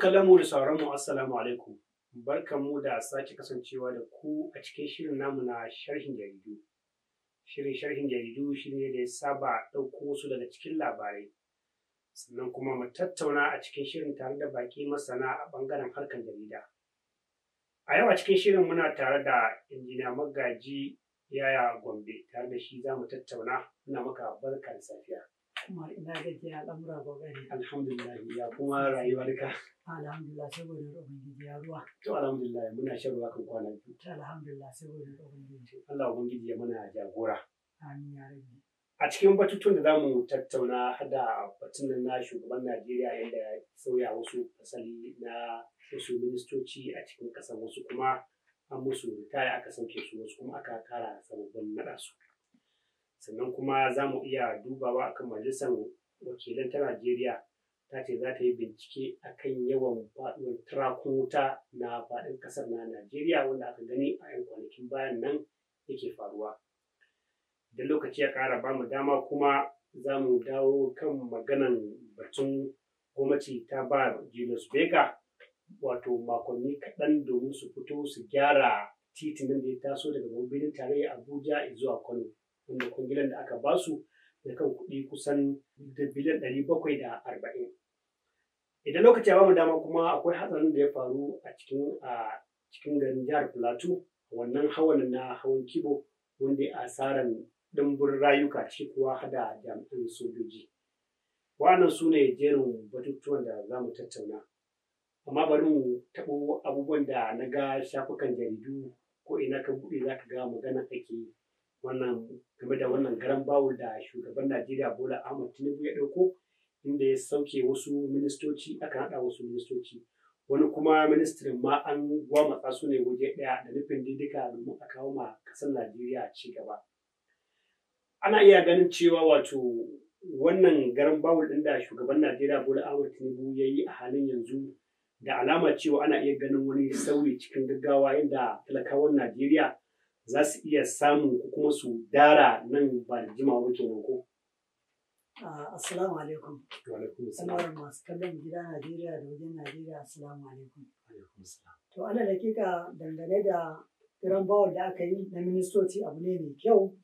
kallon mu da sauran mu assalamu alaikum. mu da sake kasancewa da ku a cikin shirin namu na sharhin jaridu. Shirin sharhin jaridu shi ne da ya saba ɗauko su daga cikin labarai. Sannan kuma mu tattauna a cikin shirin tare da baki masana a ɓangaren harkan jarida. A yau a cikin shirin muna tare da injiniya magaji yaya Gombe tare da shi za mu tattauna muna maka barkar safiya. Umar ina gajiya al'amura ba gani. Alhamdulillah ya kuma rayuwa duka. Alhamdulillah saboda Ubangiji ya ruwa. To alhamdulillah muna shan ruwa kan kwana biyu. To alhamdulillah saboda Ubangiji. Allah Ubangiji ya mana jagora. Amin ya rabbi. A cikin batutun da zamu tattauna da batun na shugaban Najeriya yadda ya sauya wasu asali na wasu ministoci a cikin ƙasar wasu kuma an musu ritaya aka sauke su wasu kuma aka kara sababbin naɗa su. sannan kuma za mu iya dubawa akan majalisar wakilan ta najeriya ta ce za ta yi bincike akan yawan faɗuwar turakun wuta na faɗin ƙasar na najeriya wanda aka gani a 'yan kwanakin bayan nan yake faruwa da lokaci ya ƙara ba mu dama kuma za mu dawo kan maganan batun gwamnati ta ba Julius Baker wato makonni kaɗan domin su fito su gyara titinin da ya taso daga birnin tarayya Abuja zuwa Kano. wanda kungilan da aka su da kan kuɗi kusan da biliyan ɗari bakwai da arba'in idan lokaci ya bamu dama kuma akwai hatsarin da ya faru a cikin a cikin garin jihar plateau wannan hawan na hawan kibo wanda ya asaran dimbin rayuka ciki kuwa hada jami'an sojoji wannan su ne jerin batutuwan da za mu tattauna amma bari mu taɓo abubuwan da na ga shafukan jaridu ko ina ka buɗe za ka ga magana ake yi wannan game da wannan garan bawul da shugaban najeriya bola ahmad tinubu ya ɗauko inda ya sauke wasu ministoci aka haɗa wasu ministoci wani kuma ministrin ma an gwamata su ne waje ɗaya da nufin didika domin a kawo ma kasar najeriya ci gaba ana iya ganin cewa wato wannan garan bawul ɗin da shugaban najeriya bola Ahmed tinubu ya yi a halin yanzu da alama cewa ana iya ganin wani sauri cikin gaggawa inda talakawan najeriya za su iya samun ko kuma su dara nan ba da jima ba roko. assalamu alaikum Sanarwar masu kallon gida najeriya da wajen najeriya assalamu alaikum to ana dakika dangane da kiran bawar da aka yi na ministoci abu ne mai kyau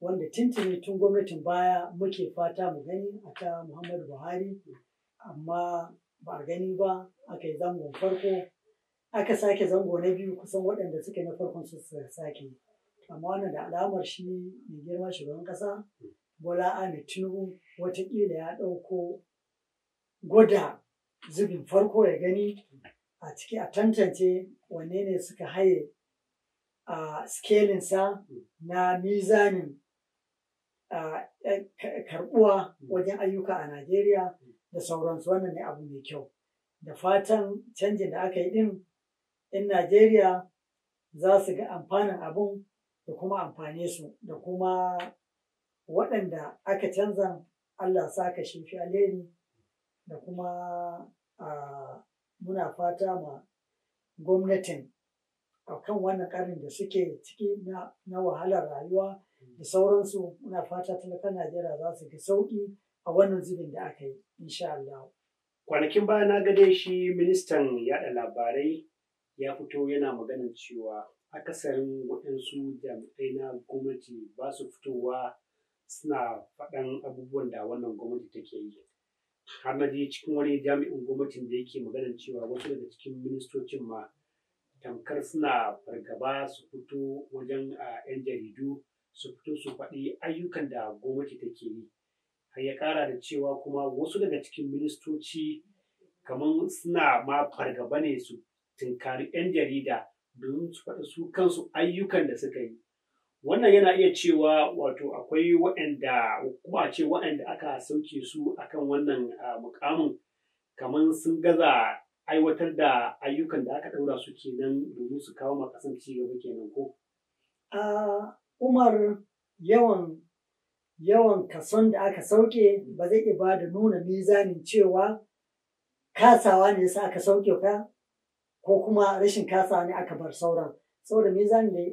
wanda tintini tun gwamnatin baya muke fata mu gani a ta muhammadu buhari amma ba a gani ba aka yi zangon farko aka sake zango na biyu kusan waɗanda suke na farkon su sake amma wannan da alamar shi mai girma shugaban ƙasa bola ahmed tinubu watakila ya ɗauko gwada zubin farko ya gani a ciki a tantance wanne ne suka haye a sa na mizanin karbuwa wajen ayyuka a najeriya da sauransu wannan ne abu mai kyau da fatan canjin da aka yi din In Najeriya za su ga amfanin abun da kuma amfane su da kuma waɗanda aka canza Allah saka shifi fi alheri da kuma muna fata ma gwamnatin a kan wannan ƙarin da suke ciki na wahalar rayuwa da sauransu muna fata talakan Najeriya za su ga sauƙi a wannan zubin da aka yi insha Allah. Kwanakin baya na gade shi ministan yaɗa labarai ya fito yana maganin cewa akasarin waɗansu jami'ai na gwamnati ba su fitowa suna faɗan abubuwan da wannan gwamnati take yi har na cikin wani jami'in gwamnatin da yake maganin cewa wasu daga cikin ministocin ma tamkar suna fargaba su fito wajen a 'yan jaridu su fito su faɗi ayyukan da gwamnati take yi har ya ƙara da cewa kuma wasu daga cikin ministoci kamar suna ma fargaba ne su tunkari 'yan jarida domin su faɗa su kansu ayyukan da suka yi wannan yana iya cewa wato akwai waɗanda kuma ce waɗanda aka sauke su akan wannan mukamin kamar sun gaza aiwatar da ayyukan da aka ɗaura su kenan domin su kawo makasan gaba kenan ko a umar yawan yawan kason da aka sauke ba zai iya ba da nuna mizanin cewa kasawa ne yasa aka sauke ka ko kuma rashin kasa ne aka bar sauran saboda yi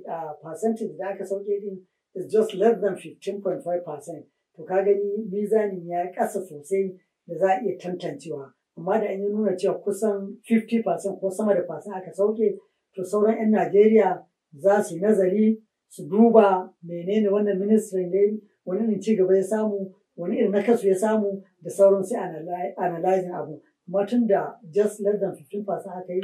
da percentage da aka sauke din is just less than 15.5% to ka gani mizanin ya kasa sosai da za a iya tantancewa amma da an yi nuna cewa kusan 50% ko sama da fasin aka sauke to sauran 'yan Najeriya za su nazari su duba menene wannan ministrin ne wani ne ci gaba ya samu wani irin kasu ya samu da sauran sai analyzing abu amma tun da just less than 15% aka yi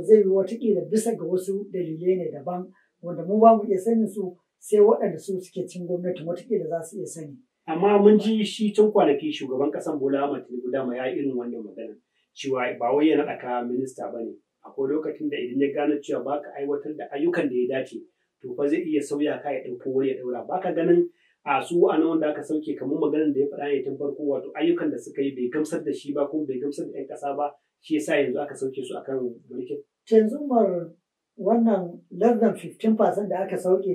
zai yi watakila bisa ga wasu dalilai ne daban wanda mu ba mu iya sanin su sai waɗanda su suke cin gwamnati watakila za su iya sani. Amma mun ji shi tun kwanaki shugaban ƙasan Bola Ahmed Tinubu dama ya irin wannan magana cewa ba wai ya naɗa ka minista ba ne. Akwai lokacin da idan ya gano cewa ba ka aiwatar da ayyukan da ya dace to fa zai iya sauya ka ya ɗauko wani ya ɗaura ba ka ganin a su a nan wanda aka sauke kamar maganar da ya faɗa ne tun farko wato ayyukan da suka yi bai gamsar da shi ba kuma bai gamsar da 'yan ƙasa ba shi yasa yanzu aka sauke su akan canzu mar wannan less than 15% da aka sauke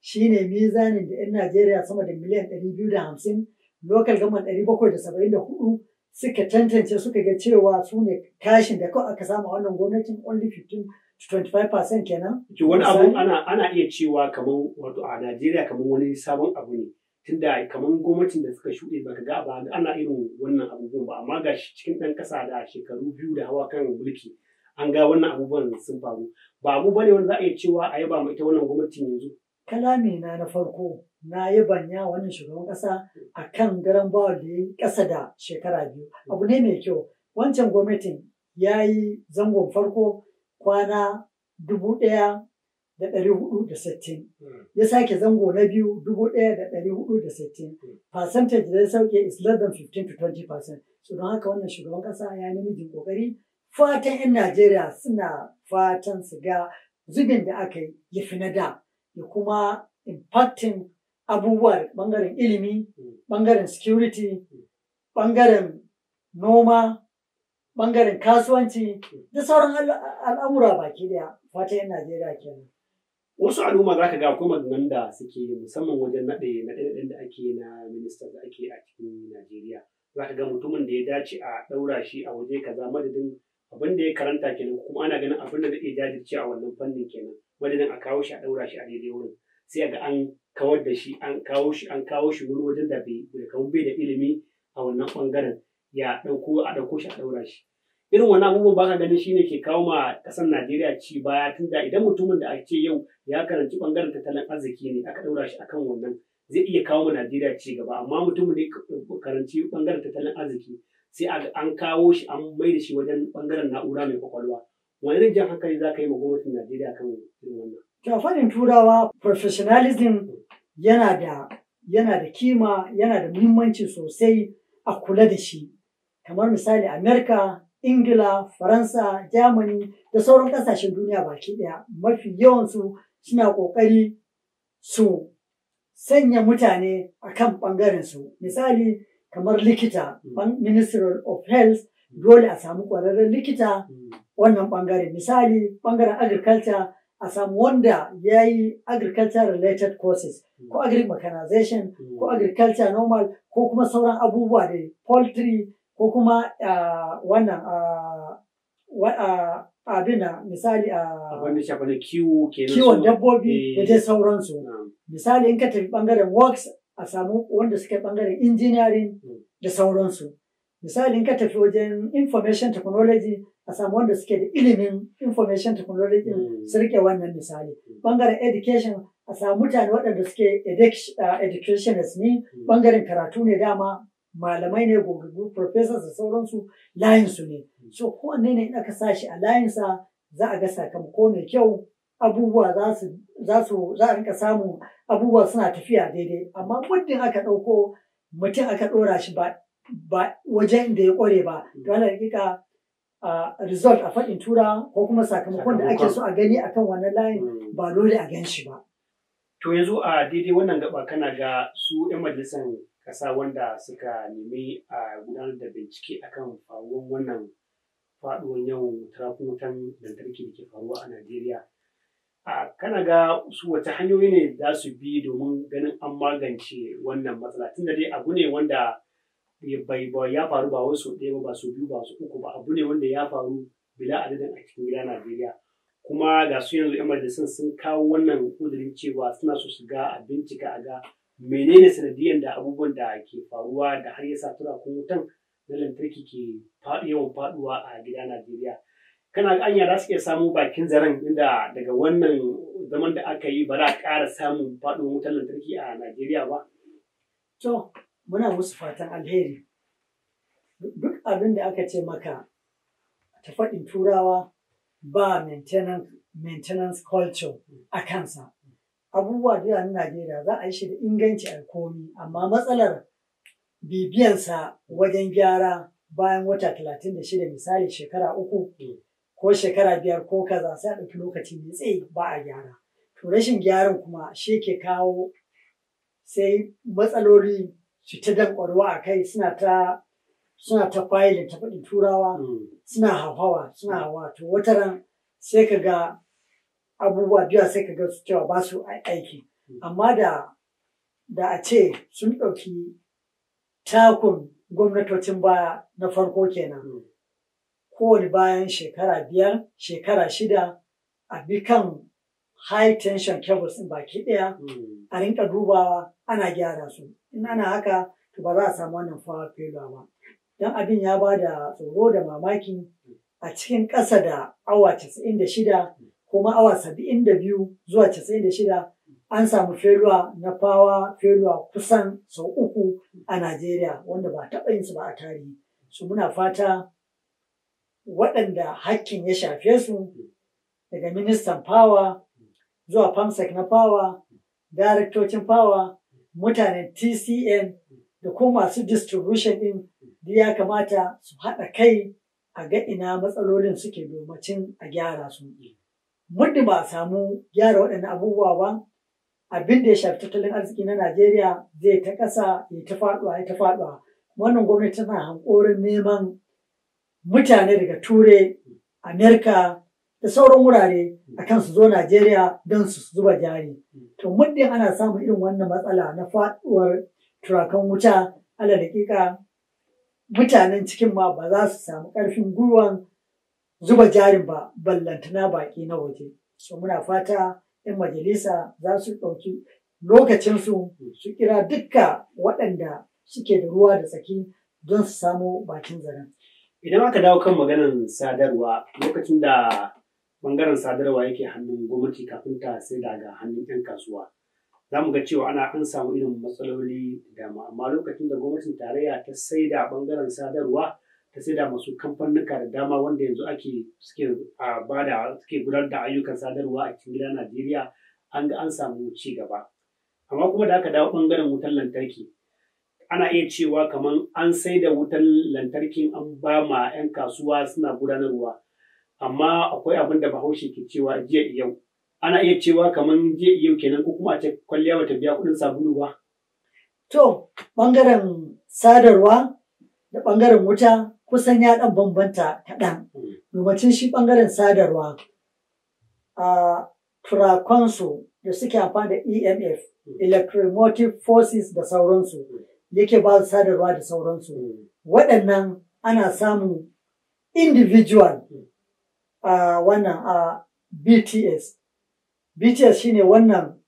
shine mizanin da 'yan Najeriya sama da miliyan 250 local government 774 suka tantance suka ga cewa su ne tashin da kawai aka samu wannan gwamnatin only 15 to 25% kenan. Wani abu ana iya cewa kamar wato a Najeriya kamar wani sabon abu ne. tunda kamar gwamnatin da suka shuɗe ba baka ga ba ana irin wannan abubuwan ba amma ga cikin ɗan ƙasa da shekaru biyu da hawa kan mulki an ga wannan abubuwan sun faru ba mu bane wani za a iya cewa a yaba mai ita wannan gwamnatin yanzu kalami na na farko na ya wannan shugaban ƙasa a kan garan bawa da ya yi ƙasa da shekara biyu abu ne mai kyau wancan gwamnatin ya yi zangon farko kwana dubu ɗaya da ɗari hudu da sittin. Hmm. Ya sake zango na biyu dubu ɗaya da ɗari hudu da sittin. Hmm. Percentage da ya sauke is less than 15 to 20 percent. So don haka wannan shugaban ƙasa ya namijin ƙoƙari. Fatan 'yan Najeriya suna fatan su ga zubin da aka yi ya fi na da da kuma impacting abubuwa bangaren ilimi, bangaren hmm. security, bangaren noma, bangaren kasuwanci da sauran al'amura baki daya fatan 'yan Najeriya kenan. wasu al'umma za ka ga akwai maganganun da suke musamman wajen naɗe naɗe da ake na minista da ake a cikin najeriya za ka ga mutumin da ya dace a ɗaura shi a waje kaza madadin abin da ya karanta kenan kuma ana ganin abin da zai iya jajirce a wannan fannin kenan madadin a kawo shi a ɗaura shi a daidai wurin sai ga an kawar da shi an kawo shi an kawo shi wani wajen da bai da bai da ilimi a wannan ɓangaren ya ɗauko a ɗauko shi a ɗaura shi irin wani abubuwan ba ka ganin shine ke kawo ma kasar Najeriya ci baya tun da idan mutumin da ake yau ya karanci bangaren tattalin arziki ne aka daura shi akan wannan zai iya kawo ma Najeriya ci gaba amma mutumin da ya karanci bangaren tattalin arziki sai an kawo shi an mai da shi wajen bangaren na'ura mai kwakwalwa wani rijiyar hankali za ka yi ma gwamnatin Najeriya kan irin wannan. Jafarin Turawa professionalism yana da yana da kima yana da muhimmanci sosai a kula da shi kamar misali Amerika ingila faransa germany da sauran kasashen duniya baki ɗaya mafi yawansu suna ƙoƙari su sanya mutane a kan ɓangarensu misali kamar likita hmm. minister of health dole a samu ƙwararren likita hmm. wannan ɓangare misali ɓangaren agriculture a samu wanda ya yi agriculture related courses ko hmm. agri mechanization ko agriculture normal ko kuma sauran abubuwa da poultry ko kuma wannan abin misali a kiwon dabbobi eh. da dai sauransu misali in ka tafi bangaren works a samu wanda suke ɓangaren bangaren engineering hmm. da sauransu misali in ka tafi wajen information technology a samu wanda suke da ilimin information technology hmm. su rike wannan misali bangaren hmm. education a samu mutane waɗanda suke educationist ne bangaren karatu ne dama malamai ne gogaggu professors da sauransu layinsu ne so ko ne in aka sa shi a layinsa za a ga sakamako mai kyau abubuwa za su za a rinka samu abubuwa suna tafiya daidai amma muddin aka ɗauko mutum aka ɗora shi ba wajen da ya ƙware ba to ana hakika result a faɗin tura ko kuma sakamakon da ake so a gani akan wannan layin hmm. ba dole a gan shi ba. To yanzu a daidai wannan gaba kana ga su 'yan majalisar ƙasa wanda suka nemi a gudanar da bincike akan faruwar wannan faɗuwar yau tarafin wutan lantarki da ke faruwa a Najeriya. A kana ga su wace hanyoyi ne za su bi domin ganin an magance wannan matsala tun da dai abu ne wanda bai ya faru ba wasu ɗaya ba su biyu ba su uku ba abu ne wanda ya faru bila adadin a cikin gida Najeriya. Kuma ga su yanzu 'yan majalisun sun kawo wannan kudirin cewa suna so su ga a bincika a ga menene sanadiyan da abubuwan da ke faruwa da har ya sa tura wutan na lantarki ke yawan faduwa a gida Najeriya. Kana ga anya za su samu bakin zaren inda daga wannan zaman da aka yi ba za a ƙara samun faɗin wutan lantarki a Najeriya ba? To, muna musu fatan alheri. Duk abin da aka ce maka ta faɗin turawa ba maintenance, culture a kansa. abubuwa da yawa na Najeriya za a yi shi da inganci a komi amma matsalar bibiyansa wajen gyara bayan wata talatin da shida misali shekara uku ko shekara biyar ko kaza sai a ɗauki lokaci mai tsayi ba a gyara to rashin gyaran kuma shi ke kawo sai matsaloli su ta dankwarwa a kai suna ta suna ta fayilin ta faɗin turawa mm. suna hawa suna hawa to wata ran sai ka ga abubuwa biya sai ka ga su cewa ba su aiki hmm. amma da a ce sun ɗauki takun gwamnatocin baya na farko kenan hmm. kowane bayan shekara biyar shekara shida a bi kan high tension cables ɗin baki ɗaya hmm. a rinka dubawa ana gyara su in ana haka to ba za a samu wannan fawa failure ba don abin ya ba da tsoro da mamaki a cikin ƙasa da awa 96 kuma awa saba'in da biyu zuwa casa'in da shida an samu feluwa na fawa feluwa kusan sau uku a Najeriya wanda ba taɓa yin su ba a tarihi. Su muna fata waɗanda hakkin ya shafe su daga ministan fawa zuwa famsek na fawa, daraktocin fawa, mutanen TCN da kuma masu distribution ɗin da ya kamata su haɗa kai a ga ina matsalolin suke domacin a gyara su. muddin ba a samu gyara waɗannan abubuwa ba abin da ya shafi tattalin arziki na Najeriya zai ta ƙasa ya ta faɗuwa ya ta faɗuwa wannan gwamnati tana hankorin neman mutane daga Ture Amerika da sauran wurare a kan su zo Najeriya don su zuba jari to muddin ana samun irin wannan matsala na faɗuwar turakan wuta ala dakika mutanen cikin ma ba za su samu ƙarfin gwiwan zuba jarin ba ballantana baki na waje so muna fata 'yan majalisa za su ɗauki lokacinsu su kira dukka waɗanda suke da ruwa da tsaki don su samo bakin zaren. Idan aka dawo kan maganar sadarwa lokacin da bangaren sadarwa yake hannun gwamnati kafin ta sai daga hannun 'yan kasuwa. Za mu ga cewa ana an samu irin matsaloli da dama amma lokacin da gwamnatin tarayya ta sai da bangaren sadarwa ta sai da masu kamfanuka da dama wanda yanzu ake suke bada suke gudanar da ayyukan sadarwa a cikin gida Najeriya an ga an samu ci gaba amma kuma da aka dawo bangaren wutar lantarki ana iya cewa kaman an sai da wutar lantarkin an ba ma 'yan kasuwa suna gudanarwa amma akwai abin da bahaushe ke cewa jiya yau ana iya cewa kaman jiya yau kenan ko kuma a ce kwalliya bata biya kuɗin sabulu ba to bangaren sadarwa da bangaren wuta kusan ya dan bambanta kaɗan. Lumacin hmm. shi ɓangaren sadarwa a turakonsu da suke amfani da EMF, hmm. Electromotive Forces da sauransu, hmm. yake ba su sadarwa da sauransu. Waɗannan ana samun individual a wannan a BTS. BTS shine wannan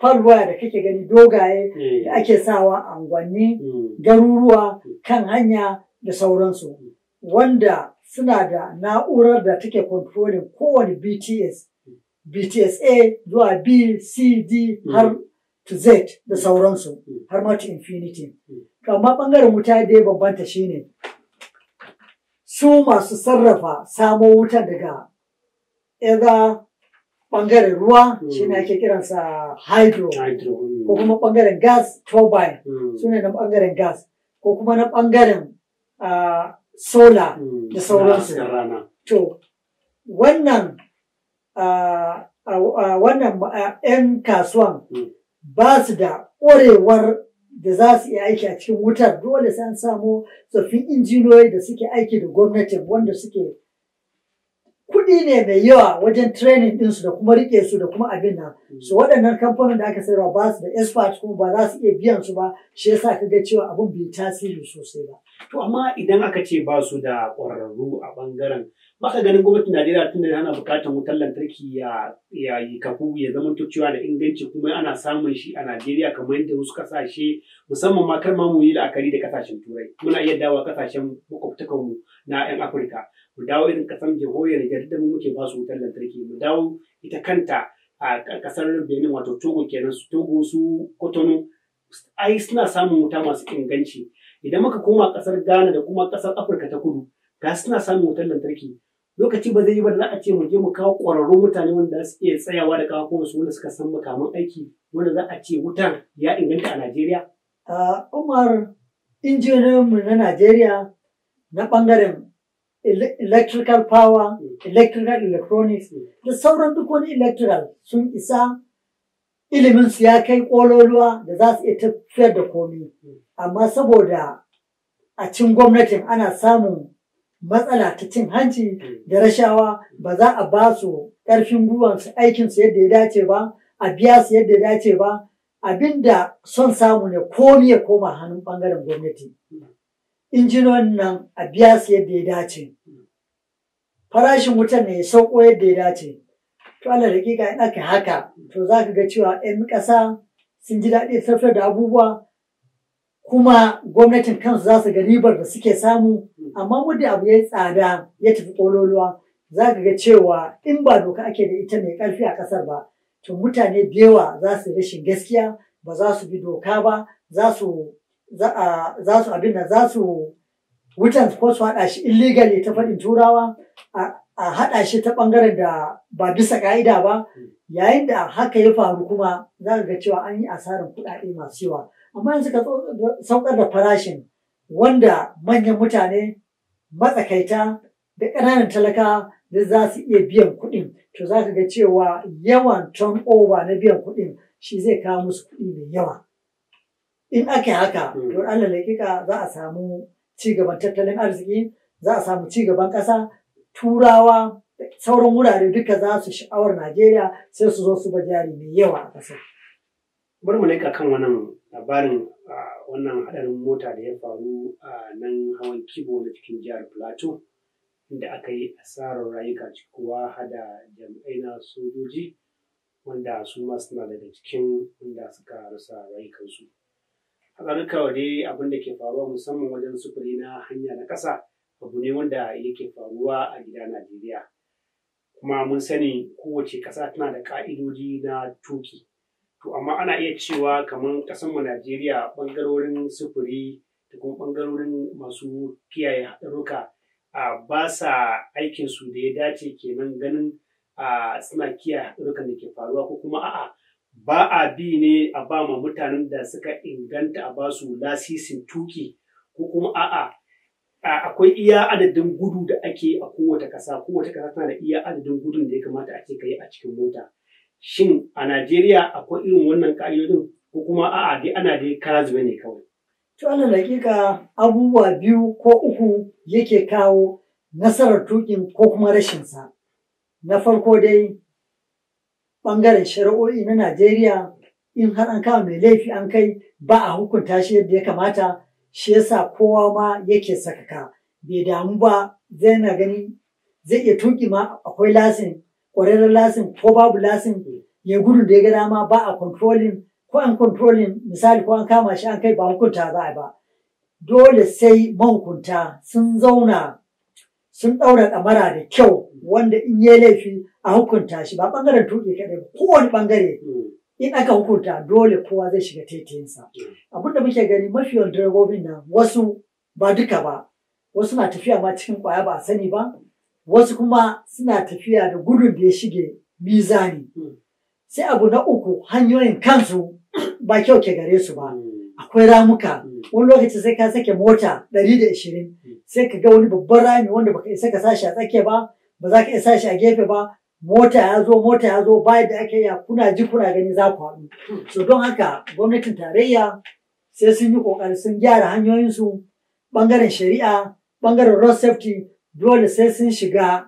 falwaya da kake gani dogaye da ake sawa a unguwanni, garuruwa, kan hanya, da sauransu wanda suna da na'urar da take kontrolin' kowane BTS, BTS A zuwa B, C, D har to Z da sauransu har ma to infinity. Amma ɓangaren wuta dai bambanta shine su masu sarrafa samo wutar daga ɗaga ɓangaren ruwa shi ne ake kiransa hydro mm. ko kuma ɓangaren gas turbine mm. su ne na ɓangaren gas ko kuma na ɓangaren a sola mm, da sauransu. To, wannan a wannan 'yan kasuwan mm. ba su da ƙorewar da za su iya aiki a cikin wutar dole sai an samu tsoffin injiniyoyi da suke aiki da gwamnatin wanda suke kuɗi ne mai yawa wajen training ɗinsu da kuma rike su da kuma abin nan hmm. su waɗannan kamfanin da aka sayarwa ba su da expert kuma ba za su iya biyan su ba shi yasa ka ga cewa abin bai tasiri sosai ba to amma idan aka ce ba su da ƙwararru a ɓangaren masa ganin gwamnatin Najeriya tun da ana bukatar wutar lantarki ya ya kafu ya zama cewa da inganci kuma ana samun shi a Najeriya kamar yadda wasu kasashe musamman ma kar ma mu yi la'akari da kasashen Turai muna iya dawo kasashen makwabtakan mu na 'yan Afirka mu dawo irin kasan jihohiyar da mu muke basu wutar lantarki mu dawo ita kanta a kasar Benin wato Togo kenan su Togo su Kotonu ai suna samun wuta masu inganci idan muka koma kasar Ghana da kuma kasar Afirka ta Kudu ga suna samun wutar lantarki lokaci ba zai yi ba na a ce mu je mu kawo ƙwararrun mutane wanda su iya tsayawa da kawo su wanda suka san makaman aiki wanda za a ce wutar ya inganta a Najeriya? Umar mu na Najeriya na ɓangaren electrical power, electrical electronics da sauran duk wani electrical sun isa ilimin su ya kai ƙololuwa da za su iya tafiyar da komi. Amma saboda a cin gwamnatin ana samun matsala ta cin hanci mm. da rashawa ba za a ba su ƙarfin gwiwan su aikin su yadda ya dace ba a biya su yadda ya dace ba abinda son samu ne ko ya koma hannun bangaren gwamnati injinon nan a biya su yadda ya dace farashin wutan ne ya sauko yadda ya dace to Allah da in aka haka to za ka ga cewa 'yan ƙasa sun ji daɗi tsaftar da abubuwa kuma gwamnatin kansu za su ga ribar da suke samu amma muddin abu ya tsada ya tafi kololuwa za ka ga cewa in ba doka ake da ita mai karfi a kasar ba to mutane da yawa za su rashin gaskiya ba za su bi doka ba za su abin da za su wutan ko su haɗa shi illegally ta faɗin turawa a haɗa shi ta ɓangaren da ba bisa ƙa'ida ba hmm. yayin da haka ya faru kuma za ka ga cewa an yi asarar kuɗaɗe masu yawa amma yanzu ka saukar da farashin wanda manyan mutane matsakaita da ƙananan talaka da za su iya biyan kuɗin to za ka ga cewa yawan turnover na biyan kuɗin shi zai kawo musu kuɗi mai yawa in aka haka hmm. to Allah laƙiƙa za a samu ci gaban tattalin arziki za a samu ci gaban ƙasa turawa sauran wurare duka za su sha'awar najeriya sai su zo su ba jari mai yawa a ƙasar bari mu kan wannan labarin wannan haɗarin mota da ya faru a nan hawan kibo na cikin jihar plateau inda aka yi asarar rayuka cikuwa hada jami'ai na sojoji wanda su ma suna daga cikin inda suka rasa rayukansu hakanuka dai abin ke faruwa musamman wajen sufuri na hanya na ƙasa abu ne wanda yake faruwa a gida najeriya kuma mun sani kowace ƙasa tana da ƙa'idoji na tuki To amma ana iya cewa kamar mu Najeriya ɓangarorin sufuri da kuma ɓangarorin masu kiyaye haɗaruka ba sa aikinsu da ya dace kenan ganin suna kiyaye haɗarukan da ke faruwa ko kuma a'a ba a bi ne a ba ma mutanen da suka inganta a su lasisin tuki ko kuma a'a akwai iya adadin gudu da ake a kowace ƙasa kowace ƙasa tana da iya adadin gudun da ya kamata a ce yi a cikin mota shin a Najeriya akwai irin wannan ƙa'idodin ko kuma a'a dai ana dai kara zube ne kawai. To ana hakika abubuwa biyu ko uku yake kawo nasarar tukin ko kuma rashin sa Na farko dai ɓangaren shari'o'i na Najeriya in har an kama mai laifi an kai ba a hukunta shi yadda ya kamata shi yasa kowa ma yake sakaka bai damu ba zai na gani zai iya tuki ma akwai lasin ƙwararren lasin ko babu lasin ya gudu da ya ga dama ba a controlling ko an controlling misali ko an kama shi an kai ba hukunta za a ba dole sai mahukunta sun zauna sun ɗaura ɗamara da kyau wanda in yi laifi a hukunta shi ba ɓangaren tuƙi kaɗai ba kowane ɓangare in aka hukunta dole kowa zai shiga taitayinsa abin da muke gani mafi yawan direbobin nan wasu ba duka ba wasu na tafiya ma cikin kwaya ba a sani ba wasu kuma suna tafiya da gudun da ya shige mizani. Hmm. Sai abu na uku hanyoyin kansu ba kyau ke gare su ba. Hmm. Akwai ramuka, hmm. wani lokaci sai ka sake mota ɗari da ashirin, sai ka ga wani babban rami wanda baka isa ka sashi a tsake ba, ba za ka isa shi a gefe ba, mota ya zo mota ya zo ba da aka yi kuna ji kuna gani za ku haɗu. So don haka gwamnatin tarayya sai sun yi ƙoƙari sun gyara hanyoyinsu ɓangaren shari'a, ɓangaren road safety, dole sai sun shiga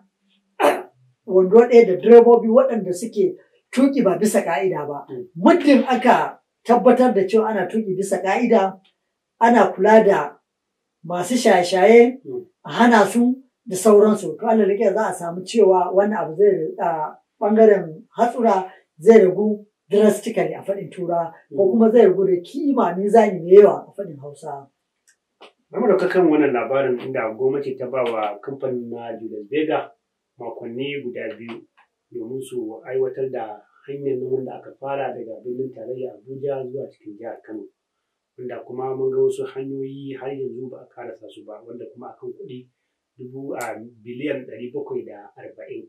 wando ɗaya da direbobi waɗanda suke tuki ba bisa ƙa'ida ba. Mm. Muddin aka tabbatar da cewa ana tuki bisa ƙa'ida, ana kula da masu shaye-shaye mm. a hana su da sauransu. To Allah rike za a samu cewa wani abu zai a ɓangaren hatsura zai ragu drastically a faɗin tura ko mm. kuma zai ragu da kima mizani da yawa a faɗin Hausa. da mu kan wannan labarin inda gwamnati ta ba wa kamfanin na Julius Vega makonni guda biyu domin su aiwatar da hanyar noman da aka fara daga birnin tarayya Abuja zuwa cikin jihar Kano. Wanda kuma mun ga wasu hanyoyi har yanzu ba a karasa su ba wanda kuma akan kuɗi dubu a biliyan ɗari bakwai da arba'in.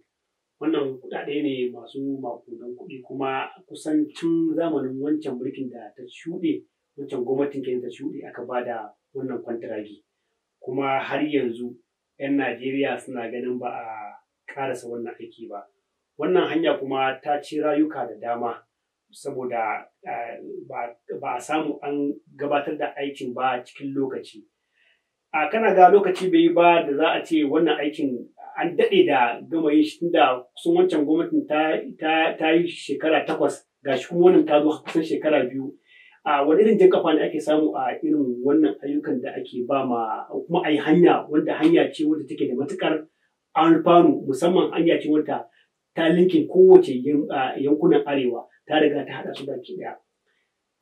Wannan kuɗaɗe ne masu makudan kuɗi kuma kusancin zamanin wancan mulkin da ta shuɗe wancan gwamnatin kenan ta shuɗe aka ba da wannan kwantiragi kuma har yanzu 'yan najeriya suna ganin ba a karasa wannan aiki ba wannan hanya kuma ta ci rayuka da dama saboda eh, ba a samu an gabatar da aikin ba cikin lokaci a kana ga lokaci bai ba da za a ce wannan aikin an daɗe da gama yin shi tunda kusan wancan gwamnatin ta yi shekara takwas gashi kuma wannan ta zo kusan shekara biyu a ah, wani irin jinkafa ne ake samu a irin wannan ayyukan da ake ba ma kuma ai hanya wanda hanya ce wanda take da matukar alfanu musamman hanya ce wanda ta linke kowace yankunan arewa ta riga ta hada su baki daya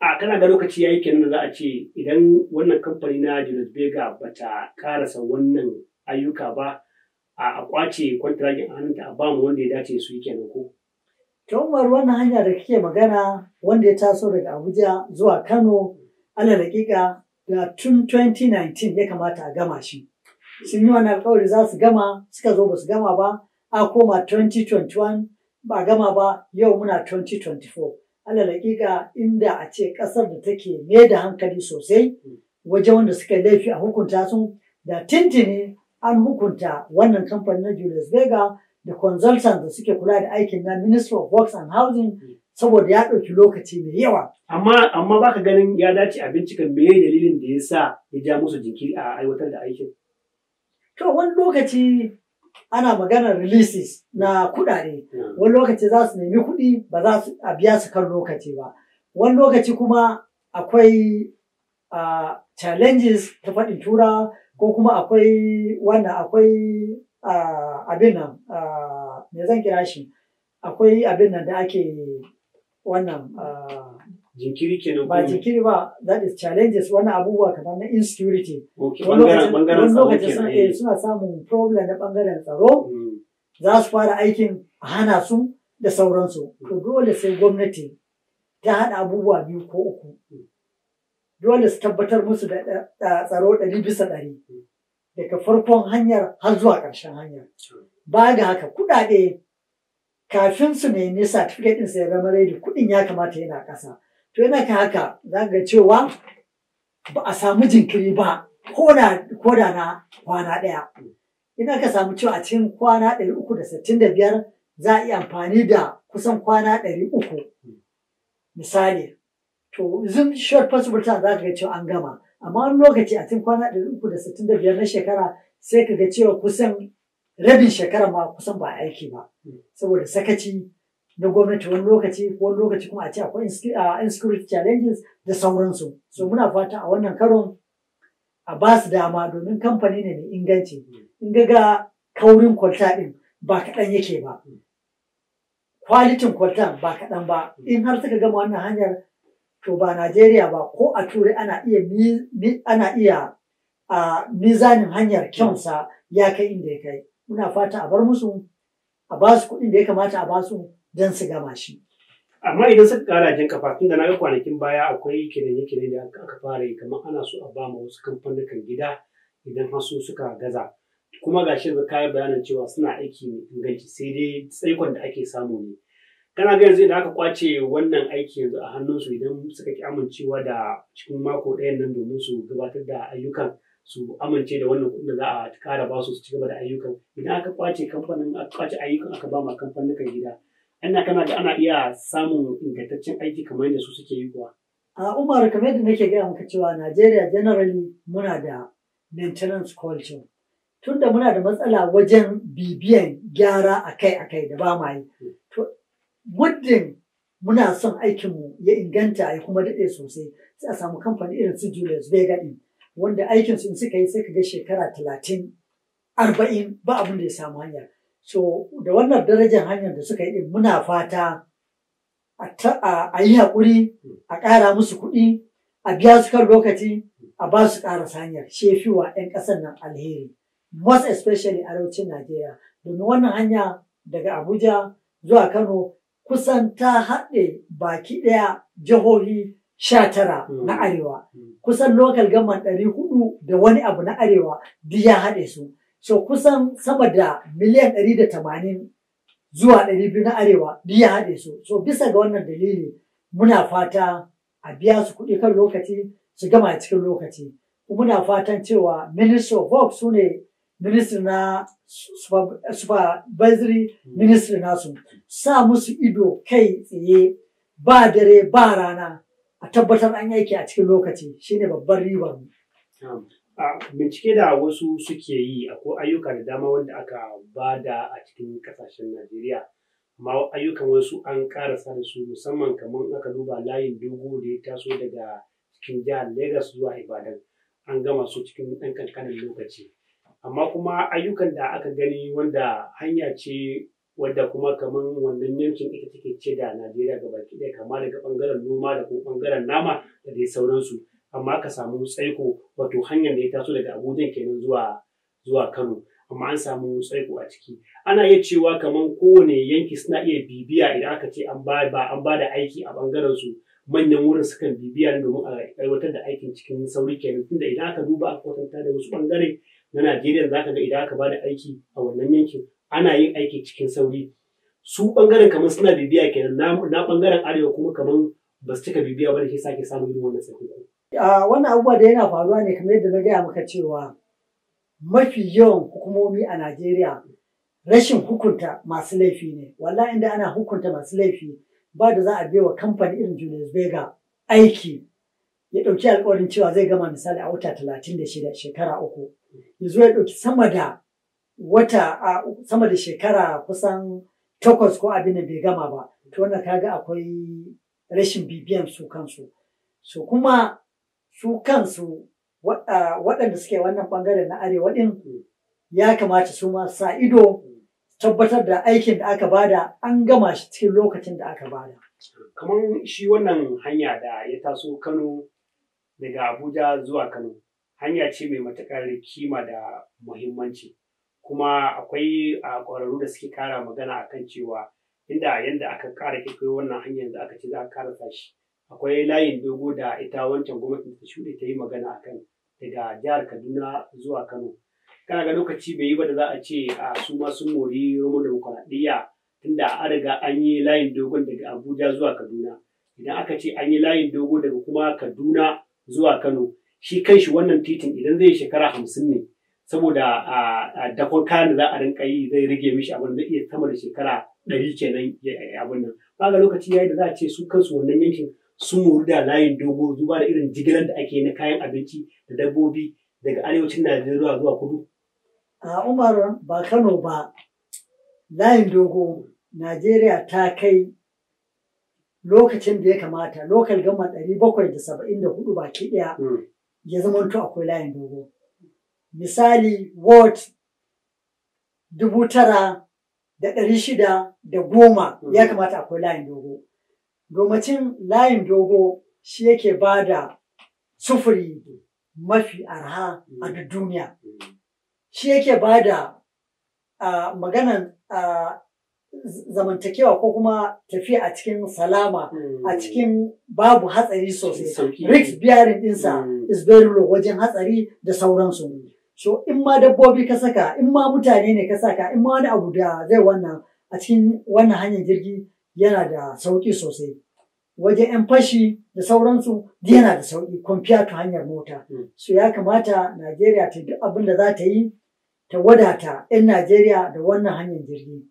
a kana ga lokaci yayi kenan za a ce idan wannan kamfani na Julius Vega bata karasa wannan ayyuka ba a kwace kwantiragin a hannunta a ba mu wanda ya dace su kenan ko Ta Umar wannan hanya da kake magana wanda ya taso daga Abuja zuwa Kano ala dakika da tun 2019 ya kamata a gama shi. Sun yi wani alkawari za su gama suka zo ba su gama ba a koma 2021 ba gama ba yau muna 2024. Ala dakika inda a ce ƙasar da take ne da hankali sosai wajen wanda suka yi laifi a hukunta su da tintini an hukunta wannan kamfanin na Julius Vega da consultant da suke kula da aikin na Ministry of Works and Housing saboda ya ɗauki lokaci mai yawa. Amma amma baka ganin ya dace a bincika meye dalilin da ya sa ya ja musu jinkiri a aiwatar da aikin. To wani lokaci ana maganar releases na kuɗaɗe hmm. wani lokaci za su nemi kuɗi ba za su a biya su kan lokaci ba wani lokaci kuma akwai ah, challenges ta faɗin tura ko kuma akwai wannan akwai abin nan me zan kira shi akwai abin nan da ake wannan jinkiri kenan ba jinkiri ba that is challenges wani abubuwa kamar na insecurity wani lokacin eh. eh, suna samun problem na bangaren tsaro mm. za su fara aikin hana su da sauransu to mm. dole sai gwamnati ta haɗa abubuwa biyu ko uku mm. dole su tabbatar musu da tsaro ɗari bisa ɗari daga farkon hanyar har zuwa ƙarshen hanyar. Ba da haka kuɗaɗe kafin su nemi certificate ɗinsa ya zama raidi kuɗin ya kamata yana ƙasa. To yana ka haka za ga cewa ba a samu jinkiri ba ko da na kwana ɗaya. Ina ka samu cewa a cikin kwana ɗari uku da sittin da biyar za a iya amfani da kusan kwana ɗari uku. Misali, to zun short possible time za ka ga cewa an gama. amma wani lokaci a cikin kwana ɗari uku da sittin da biyar na shekara sai ka ga cewa kusan rabin shekara ma kusan ba aiki ba saboda sakaci na gwamnati wani lokaci ko wani lokaci kuma a ce akwai insecurity challenges da sauransu so muna fata a wannan karon a ba su dama domin kamfani ne mai inganci in ga kaurin kwalta ɗin ba kaɗan yake ba kwalitin kwalta ba kaɗan ba in har suka gama wannan hanyar to ba Najeriya ba ko a turai ana iya ana iya a mizanin hanyar kyansa ya kai inda ya kai muna fata a bar musu a ba su kuɗin da ya kamata a ba su don su gama shi. amma idan suka kara jin kafa tun da na ga kwanakin baya akwai kire-kire da aka fara yi kamar ana so a ba ma wasu kan gida idan hasu suka gaza kuma ga shi kayan bayanin cewa suna aiki mai inganci sai dai tsaikon da ake samu ne kana ga yanzu da aka kwace wannan aiki yanzu a hannunsu idan suka ki amincewa da cikin mako ɗayan nan domin su gabatar da ayyukan su amince da wannan kuɗin da za a kara ba su su ci gaba da ayyukan idan aka kwace kamfanin aka kwace ayyukan aka ba ma kamfanin gida ina kana da ana iya samun ingantaccen aiki kamar yadda su suke yi kuwa. a umar kamar yadda nake gaya maka cewa najeriya generally muna da maintenance culture tunda muna da matsala wajen bibiyan gyara akai-akai da ba ma yi hmm. muddin muna son aikinmu ya inganta ya kuma daɗe sosai sai a samu kamfani irin su Julius Vega ɗin wanda aikin su suka yi sai ka ga shekara talatin arba'in ba abin da ya samu hanya so da wannan darajar hanyar da suka yi ɗin muna fata a yi haƙuri a ƙara musu kuɗi a biya su kan lokaci a ba su ƙarasa hanyar shefiwa 'yan ƙasar nan alheri most especially arewacin Najeriya domin wannan hanya daga Abuja zuwa Kano kusan ta haɗe baki ɗaya jihohi sha tara hmm. na arewa hmm. kusan lokal gama ɗari hudu da wani abu na arewa duk ya haɗe su so kusan sama da miliyan ɗari da tamanin zuwa ɗari biyu na arewa duk ya haɗe su so bisa ga wannan dalili muna fata a biya su kuɗi kan lokaci su gama cikin lokaci muna fatan cewa minister of work su ne ministry na supervisory hmm. ministry nasu sa musu ido kai tsaye ba dare ba rana a tabbatar an aiki a cikin lokaci shine babbar ribar mu. bincike da wasu suke yi akwai ayyuka da dama wanda aka bada a cikin kasashen najeriya amma ayyukan wasu an karasa da su musamman kamar aka duba layin dogo da ya taso daga cikin jihar Legas zuwa ibadan an gama su cikin ɗan kankanin lokaci amma kuma ayyukan da aka gani wanda hanya ce wadda kuma kamar wannan yankin ita take ce da najeriya baki ɗaya kama daga ɓangaren noma da kuma ɓangaren nama da dai sauransu amma ka samu tsaiko wato hanyar da ya taso daga abuja kenan zuwa zuwa kano amma an samu tsaiko a ciki ana iya cewa kamar kowane yanki suna iya bibiya idan aka ce an ba an ba da aiki a ɓangaren su manyan wurin sukan bibiya domin a aiwatar da aikin cikin sauri kenan tunda idan aka duba a kwatanta da wasu ɓangare na Najeriya za ka ga idan aka bada aiki a wannan yankin ana yin aiki cikin sauri su bangaren kamar suna bibiya kenan na bangaren arewa kuma kamar ba su cika bibiya ba da ke sake samun irin wannan sakamako. wannan abubuwa da yana faruwa ne kamar yadda na gaya maka cewa mafi yawan hukumomi a Najeriya rashin hukunta masu laifi ne wallahi inda ana hukunta masu laifi ba da za a biya wa kamfani irin Julius Vega aiki ya ɗauki alkawarin cewa zai gama misali a wata talatin da shida shekara uku ya zo ya ɗauki sama da wata a sama da shekara kusan takwas ko abin da bai gama ba to wannan kaga akwai rashin bibiyan su kansu su kuma su kansu waɗanda suke wannan ɓangaren na arewa ɗin ya kamata su ma sa ido tabbatar da aikin da aka bada an gama shi cikin lokacin da aka bada. kamar shi wannan hanya da ya taso kano daga abuja zuwa kano hanya ce mai matuƙar kima da muhimmanci kuma akwai a ƙwararru da suke kara magana akan cewa inda yadda aka kara kirkiro wannan hanyar da aka ce za a kara shi akwai layin dogo da ita wancan gwamnatin ta shuɗe ta yi magana akan daga jihar kaduna zuwa kano kana ga lokaci bai yi ba da za a ce a su ma sun mori roman demokuraɗiyya tunda a riga an yi layin dogon daga abuja zuwa kaduna idan aka ce an yi layin dogo daga kuma kaduna zuwa kano shi kai shi wannan titin idan zai shekara hamsin ne saboda a dakon kayan da za a rinka yi zai rage mishi abin zai iya sama da shekara ɗari kenan abin nan ba ga lokaci yayi da za a ce su kansu wannan yankin sun muru da layin dogo zuba da irin jigilar da ake na kayan abinci da dabbobi daga arewacin najeriya zuwa kudu a umar ba kano ba layin dogo najeriya ta kai lokacin da ya kamata lokal gama bakwai da da saba'in ɗari 774 baki ɗaya hmm. ya zama to akwai layin dogo misali Word dubu tara da ɗari shida da goma ya mm-hmm. kamata akwai layin dogo domacin layin dogo shi yake ba da sufuri mafi arha a mm-hmm. duniya mm-hmm. shi yake ba da ah, maganan ah, zamantakewa ko kuma tafiya a cikin salama hmm. a cikin babu hatsari sosai risk bearing dinsa hmm. is very low wajen hatsari da sauransu so in ma dabbobi ka saka in ma mutane ne ka saka in ma wani abu da zai wannan a cikin wannan hanyar jirgi yana da sauki sosai wajen yan fashi da sauransu yana da sauki kwamfiya ta hanyar mota hmm. so ya kamata najeriya ta duk abin da za ta yi ta wadata 'yan najeriya da wannan hanyar jirgi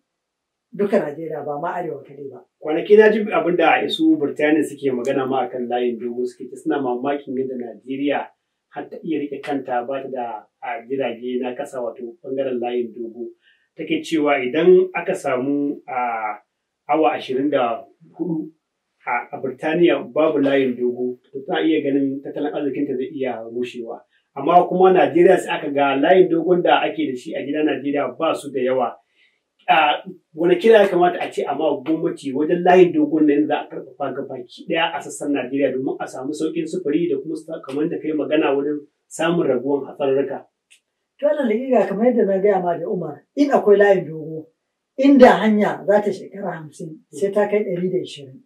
duka Najeriya ba ma arewa kaɗai ba. Kwanaki na ji abin da isu Birtaniya suke magana ma akan layin dogo suke ta suna mamakin yadda Najeriya har ta iya rike kanta ba ta da jirage na kasa wato bangaren layin dogo. Take cewa idan aka samu a awa ashirin da hudu a Birtaniya babu layin dogo to ta iya ganin tattalin arzikinta zai iya rushewa. Amma kuma Najeriya sai aka ga layin dogon da ake da shi a gidan Najeriya ba su da yawa. wani kira ya kamata a ce amma gwamnati wajen layin dogon nan za a karfafa ga baki daya a sassan Najeriya domin a samu saukin sufuri da kuma kamar da kai magana wajen samun raguwan hatsarurruka. To da liƙiƙa kamar yadda na gaya ma da Umar in akwai layin dogo inda hanya za ta shekara hamsin sai ta kai ɗari da ishirin.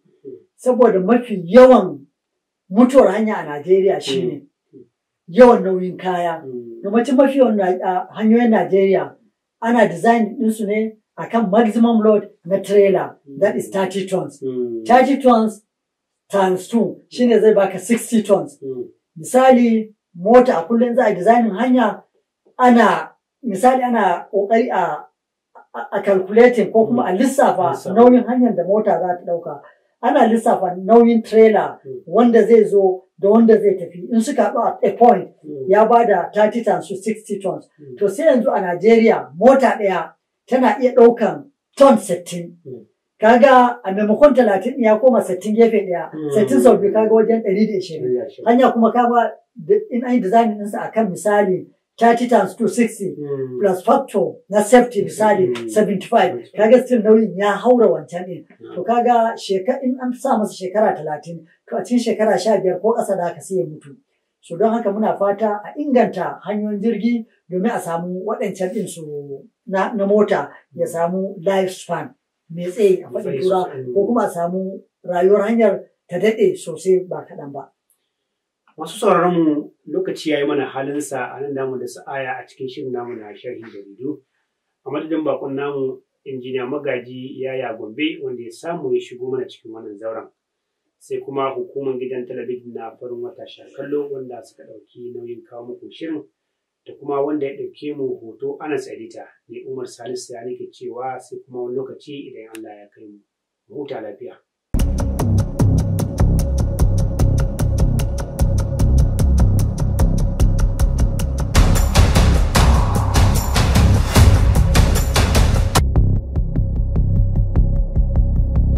Saboda mafi yawan mutuwar hanya a Najeriya shine yawan nauyin kaya. Hmm. Domin mafi yawan hanyoyin Najeriya ana dizayin ɗinsu ne akan maximum load na trailer that is 30 mm. tons. 30 mm. tons times 2 shine mm. zai baka 60 tons. Misali mota a kullum za a designin hanya ana misali ana kokari a a calculating ko kuma a lissafa nauyin hanyar da mota za ta dauka. Ana lissafa nauyin trailer wanda zai zo da wanda zai tafi in suka haɗu a point ya bada da 30 tons to 60 tons. To sai yanzu a Najeriya mota ɗaya tana iya ɗaukan ton sittin. Hmm. Kaga a maimakon talatin ya koma sittin gefe ɗaya, 60 hmm. sau biyu kaga wajen ɗari da ishirin. Hanya kuma kama in an yi designing ɗinsa a kan misali 30 times 260 hmm. plus factor na safety misali 75 kaga still nauyin ya haura wancan ɗin to kaga shekara in an sa masa shekara talatin, to a cikin shekara sha biyar ko ƙasa da haka sai ya mutu so don haka muna fata a inganta hanyoyin jirgi domin a samu waɗancan ɗin su na mota ya samu life span mai tsaye a faɗin tura ko kuma a samu rayuwar hanyar ta daɗe sosai ba kaɗan ba. Masu sauraronmu lokaci ya yi mana halinsa a nan namu da sa'aya a cikin shirin namu na sharhi da rido. A madadin bakon namu injiniya magaji yaya gombe wanda ya samu ya shigo mana cikin wannan zauren. Sai kuma hukumar gidan talabijin na farin wata shakallo wanda suka ɗauki nauyin kawo muku shirin. da kuma wanda ya ɗauke mu hoto ana tsarita ne umar salisu ya nake cewa sai kuma wani lokaci idan allah ya kai mu huta lafiya